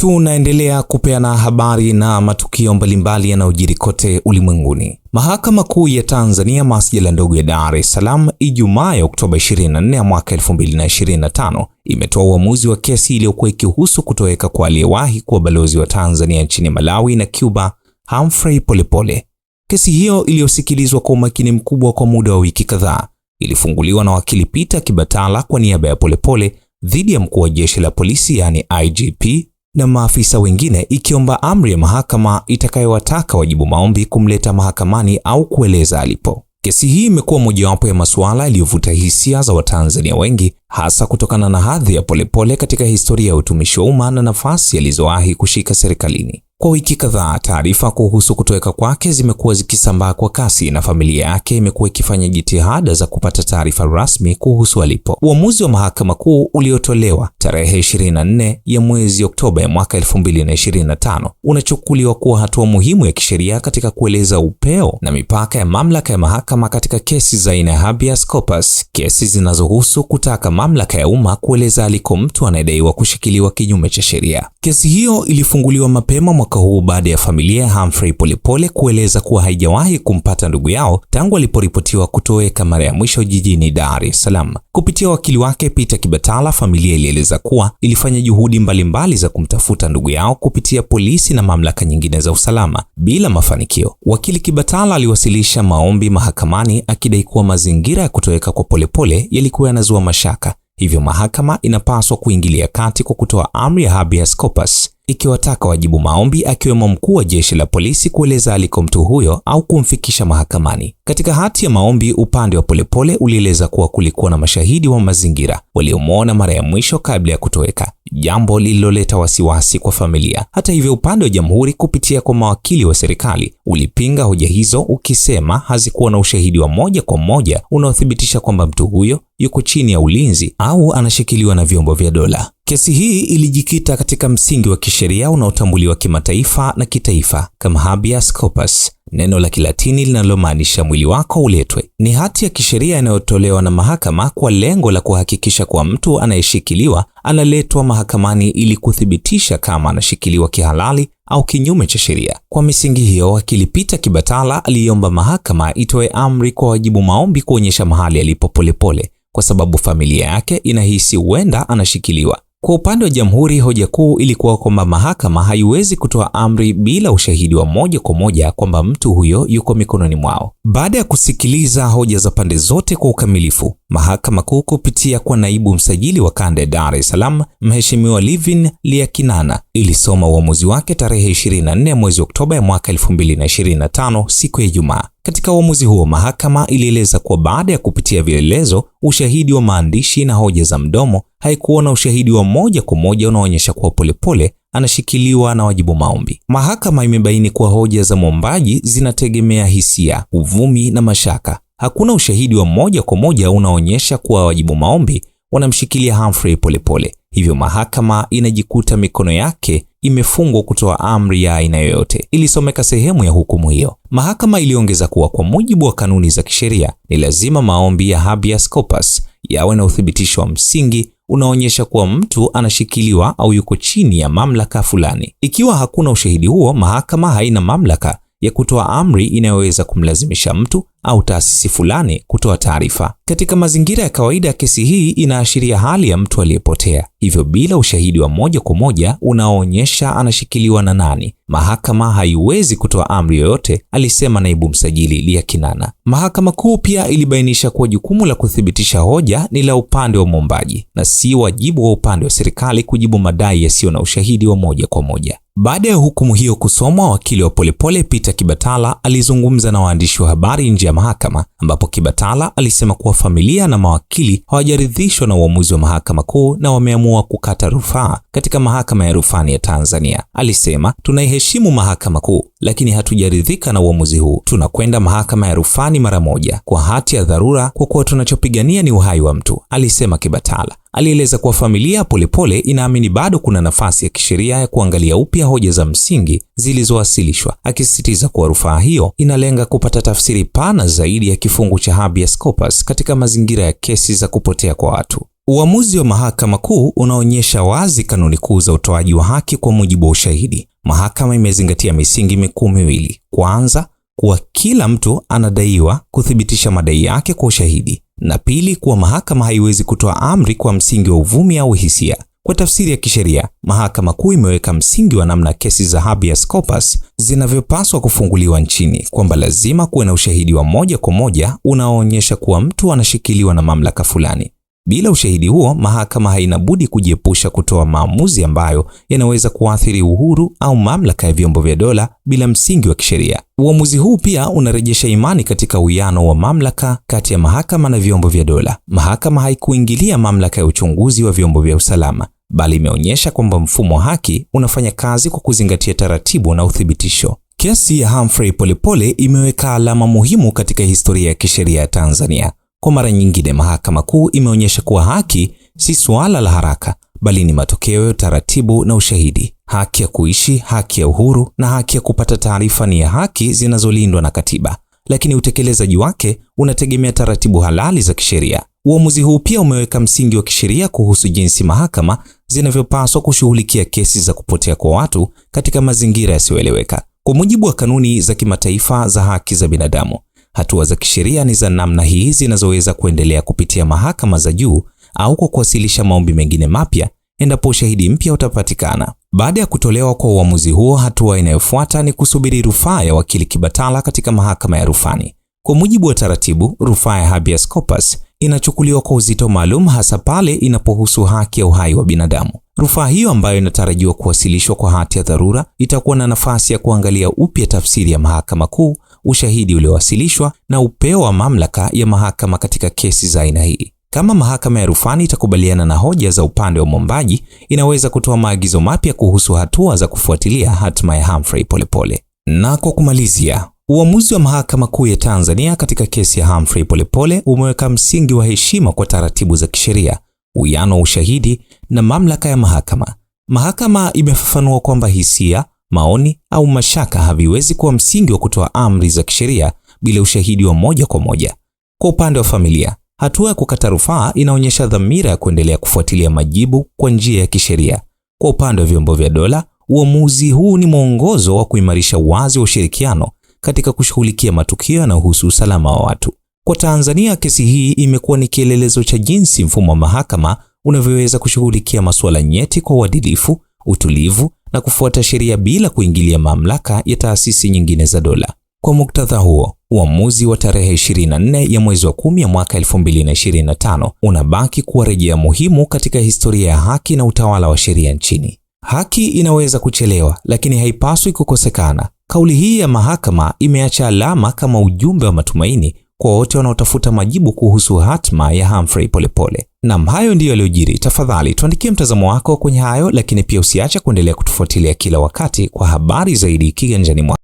Tunaendelea kupeana habari na matukio mbalimbali yanayojiri kote ulimwenguni. Mahakama Kuu ya Tanzania masjala ndogo ya Dar es Salaam Ijumaa ya Oktoba 24 ya mwaka 2025 imetoa uamuzi wa kesi iliyokuwa ikihusu kutoweka kwa aliyewahi kuwa balozi wa Tanzania nchini Malawi na Cuba Humphrey Polepole. Kesi hiyo iliyosikilizwa kwa umakini mkubwa kwa muda wa wiki kadhaa ilifunguliwa na wakili Peter Kibatala kwa niaba ya Polepole dhidi ya mkuu wa jeshi la polisi yaani IGP na maafisa wengine ikiomba amri ya mahakama itakayowataka wajibu maombi kumleta mahakamani au kueleza alipo. Kesi hii imekuwa mojawapo ya masuala yaliyovuta hisia za Watanzania wengi hasa kutokana na hadhi ya Polepole katika historia ya utumishi wa umma na nafasi alizowahi kushika serikalini. Kwa wiki kadhaa, taarifa kuhusu kutoweka kwake zimekuwa zikisambaa kwa kasi na familia yake imekuwa ikifanya jitihada za kupata taarifa rasmi kuhusu alipo. Uamuzi wa Mahakama Kuu uliotolewa tarehe 24 ya mwezi Oktoba ya mwaka 2025 unachukuliwa kuwa hatua muhimu ya kisheria katika kueleza upeo na mipaka ya mamlaka ya mahakama katika kesi za aina ya habeas corpus, kesi zinazohusu kutaka mamlaka ya umma kueleza aliko mtu anayedaiwa kushikiliwa kinyume cha sheria. Kesi hiyo ilifunguliwa mapema mwaka huu baada ya familia ya Humphrey Polepole kueleza kuwa haijawahi kumpata ndugu yao tangu aliporipotiwa kutoweka mara ya mwisho jijini Dar es Salaam. Kupitia wakili wake Peter Kibatala, familia ilieleza kuwa ilifanya juhudi mbalimbali mbali za kumtafuta ndugu yao kupitia polisi na mamlaka nyingine za usalama bila mafanikio. Wakili Kibatala aliwasilisha maombi mahakamani akidai kuwa mazingira ya kutoweka kwa Polepole yalikuwa yanazua mashaka, hivyo mahakama inapaswa kuingilia kati kwa kutoa amri ya habeas corpus ikiwataka wajibu maombi akiwemo mkuu wa jeshi la polisi kueleza aliko mtu huyo au kumfikisha mahakamani. Katika hati ya maombi, upande wa Polepole ulieleza kuwa kulikuwa na mashahidi wa mazingira waliomwona mara ya mwisho kabla ya kutoweka, jambo lililoleta wasiwasi kwa familia. Hata hivyo, upande wa Jamhuri kupitia kwa mawakili wa serikali ulipinga hoja hizo, ukisema hazikuwa na ushahidi wa moja kwa moja unaothibitisha kwamba mtu huyo yuko chini ya ulinzi au anashikiliwa na vyombo vya dola. Kesi hii ilijikita katika msingi wa kisheria unaotambuliwa kimataifa na kitaifa kama habeas corpus, neno la Kilatini linalomaanisha mwili wako uletwe. Ni hati ya kisheria inayotolewa na mahakama kwa lengo la kuhakikisha kuwa mtu anayeshikiliwa analetwa mahakamani ili kuthibitisha kama anashikiliwa kihalali au kinyume cha sheria. Kwa misingi hiyo, wakili Peter Kibatala aliomba mahakama itoe amri kwa wajibu maombi kuonyesha mahali alipo Polepole kwa sababu familia yake inahisi huenda anashikiliwa. Kwa upande wa jamhuri, hoja kuu ilikuwa kwamba mahakama haiwezi kutoa amri bila ushahidi wa moja kwa moja kwamba mtu huyo yuko mikononi mwao. Baada ya kusikiliza hoja za pande zote kwa ukamilifu, Mahakama Kuu kupitia kwa naibu msajili wa kanda ya Dar es Salaam, Mheshimiwa Livin Liakinana, ilisoma uamuzi wake tarehe 24 mwezi Oktoba ya mwaka 2025 siku ya Ijumaa. Katika uamuzi huo, mahakama ilieleza kuwa baada ya kupitia vielelezo, ushahidi wa maandishi na hoja za mdomo, haikuona ushahidi wa moja kwa moja unaoonyesha kuwa Polepole anashikiliwa na wajibu maombi. Mahakama imebaini kuwa hoja za mwombaji zinategemea hisia, uvumi na mashaka. Hakuna ushahidi wa moja kwa moja unaoonyesha kuwa wajibu maombi wanamshikilia Humphrey Polepole hivyo mahakama inajikuta mikono yake imefungwa kutoa amri ya aina yoyote, ilisomeka sehemu ya hukumu hiyo. Mahakama iliongeza kuwa kwa mujibu wa kanuni za kisheria ni lazima maombi ya habeas corpus yawe na uthibitisho wa msingi unaonyesha kuwa mtu anashikiliwa au yuko chini ya mamlaka fulani. Ikiwa hakuna ushahidi huo, mahakama haina mamlaka ya kutoa amri inayoweza kumlazimisha mtu au taasisi fulani kutoa taarifa. Katika mazingira ya kawaida, kesi hii inaashiria hali ya mtu aliyepotea, hivyo bila ushahidi wa moja kwa moja unaoonyesha anashikiliwa na nani, mahakama haiwezi kutoa amri yoyote, alisema naibu msajili Lia Kinana. Mahakama Kuu pia ilibainisha kuwa jukumu la kuthibitisha hoja ni la upande wa mwombaji na si wajibu wa upande wa serikali kujibu madai yasiyo na ushahidi wa moja kwa moja. Baada ya hukumu hiyo kusomwa, wakili wa Polepole Peter Kibatala alizungumza na waandishi wa habari nje ya mahakama ambapo Kibatala alisema kuwa familia na mawakili hawajaridhishwa na uamuzi wa mahakama kuu na wameamua kukata rufaa katika mahakama ya rufani ya Tanzania. Alisema, tunaiheshimu mahakama kuu, lakini hatujaridhika na uamuzi huu. Tunakwenda mahakama ya rufani mara moja kwa hati ya dharura, kwa kuwa tunachopigania ni uhai wa mtu, alisema Kibatala. Alieleza kuwa familia Polepole inaamini bado kuna nafasi ya kisheria ya kuangalia upya hoja za msingi zilizowasilishwa, akisisitiza kuwa rufaa hiyo inalenga kupata tafsiri pana zaidi ya kifungu cha habeas corpus katika mazingira ya kesi za kupotea kwa watu. Uamuzi wa Mahakama Kuu unaonyesha wazi kanuni kuu za utoaji wa haki kwa mujibu wa ushahidi. Mahakama imezingatia misingi mikuu miwili. Kwanza, kuwa kila mtu anadaiwa kuthibitisha madai yake kwa ushahidi, na pili, kuwa mahakama haiwezi kutoa amri kwa msingi wa uvumi au hisia. Kwa tafsiri ya kisheria, Mahakama Kuu imeweka msingi wa namna kesi za habeas corpus zinavyopaswa kufunguliwa nchini, kwamba lazima kuwe na ushahidi wa moja kwa moja unaoonyesha kuwa mtu anashikiliwa na mamlaka fulani. Bila ushahidi huo, mahakama haina budi kujiepusha kutoa maamuzi ambayo yanaweza kuathiri uhuru au mamlaka ya vyombo vya dola bila msingi wa kisheria. Uamuzi huu pia unarejesha imani katika uwiano wa mamlaka kati ya mahakama na vyombo vya dola. Mahakama haikuingilia mamlaka ya uchunguzi wa vyombo vya usalama, bali imeonyesha kwamba mfumo wa haki unafanya kazi kwa kuzingatia taratibu na uthibitisho. Kesi ya Humphrey Polepole imeweka alama muhimu katika historia ya kisheria ya Tanzania. Kwa mara nyingine, Mahakama Kuu imeonyesha kuwa haki si suala la haraka, bali ni matokeo ya taratibu na ushahidi. Haki ya kuishi, haki ya uhuru na haki ya kupata taarifa ni ya haki zinazolindwa na katiba, lakini utekelezaji wake unategemea taratibu halali za kisheria. Uamuzi huu pia umeweka msingi wa kisheria kuhusu jinsi mahakama zinavyopaswa kushughulikia kesi za kupotea kwa watu katika mazingira yasiyoeleweka. Kwa mujibu wa kanuni za kimataifa za haki za binadamu, Hatua za kisheria ni za namna hii zinazoweza kuendelea kupitia mahakama za juu au kwa kuwasilisha maombi mengine mapya endapo ushahidi mpya utapatikana. Baada ya kutolewa kwa uamuzi huo, hatua inayofuata ni kusubiri rufaa ya wakili Kibatala katika mahakama ya rufani. Kwa mujibu wa taratibu, rufaa ya habeas corpus inachukuliwa kwa uzito maalum, hasa pale inapohusu haki ya uhai wa binadamu. Rufaa hiyo ambayo inatarajiwa kuwasilishwa kwa hati ya dharura itakuwa na nafasi ya kuangalia upya tafsiri ya mahakama kuu ushahidi uliowasilishwa na upeo wa mamlaka ya mahakama katika kesi za aina hii. Kama mahakama ya rufani itakubaliana na hoja za upande wa mwombaji, inaweza kutoa maagizo mapya kuhusu hatua za kufuatilia hatima ya Humphrey Polepole. Na kwa kumalizia, uamuzi wa mahakama kuu ya Tanzania katika kesi ya Humphrey Polepole umeweka msingi wa heshima kwa taratibu za kisheria, uwiano wa ushahidi na mamlaka ya mahakama. Mahakama imefafanua kwamba hisia maoni au mashaka haviwezi kuwa msingi wa kutoa amri za kisheria bila ushahidi wa moja kwa moja. Kwa upande wa familia, hatua ya kukata rufaa inaonyesha dhamira ya kuendelea kufuatilia majibu kwa njia ya kisheria. Kwa upande wa vyombo vya dola, uamuzi huu ni mwongozo wa kuimarisha wazi wa ushirikiano katika kushughulikia matukio yanayohusu usalama wa watu. Kwa Tanzania, kesi hii imekuwa ni kielelezo cha jinsi mfumo wa mahakama unavyoweza kushughulikia masuala nyeti kwa uadilifu, utulivu na kufuata sheria bila kuingilia mamlaka ya taasisi nyingine za dola. Kwa muktadha huo, uamuzi wa tarehe 24 ya mwezi wa 10 ya mwaka 2025 unabaki kuwa rejea muhimu katika historia ya haki na utawala wa sheria nchini. Haki inaweza kuchelewa, lakini haipaswi kukosekana. Kauli hii ya mahakama imeacha alama kama ujumbe wa matumaini kwa wote wanaotafuta majibu kuhusu hatma ya Humphrey Polepole. Naam, hayo ndiyo yaliyojiri. Tafadhali tuandikie mtazamo wako kwenye hayo, lakini pia usiache kuendelea kutufuatilia kila wakati kwa habari zaidi kiganjani mwako.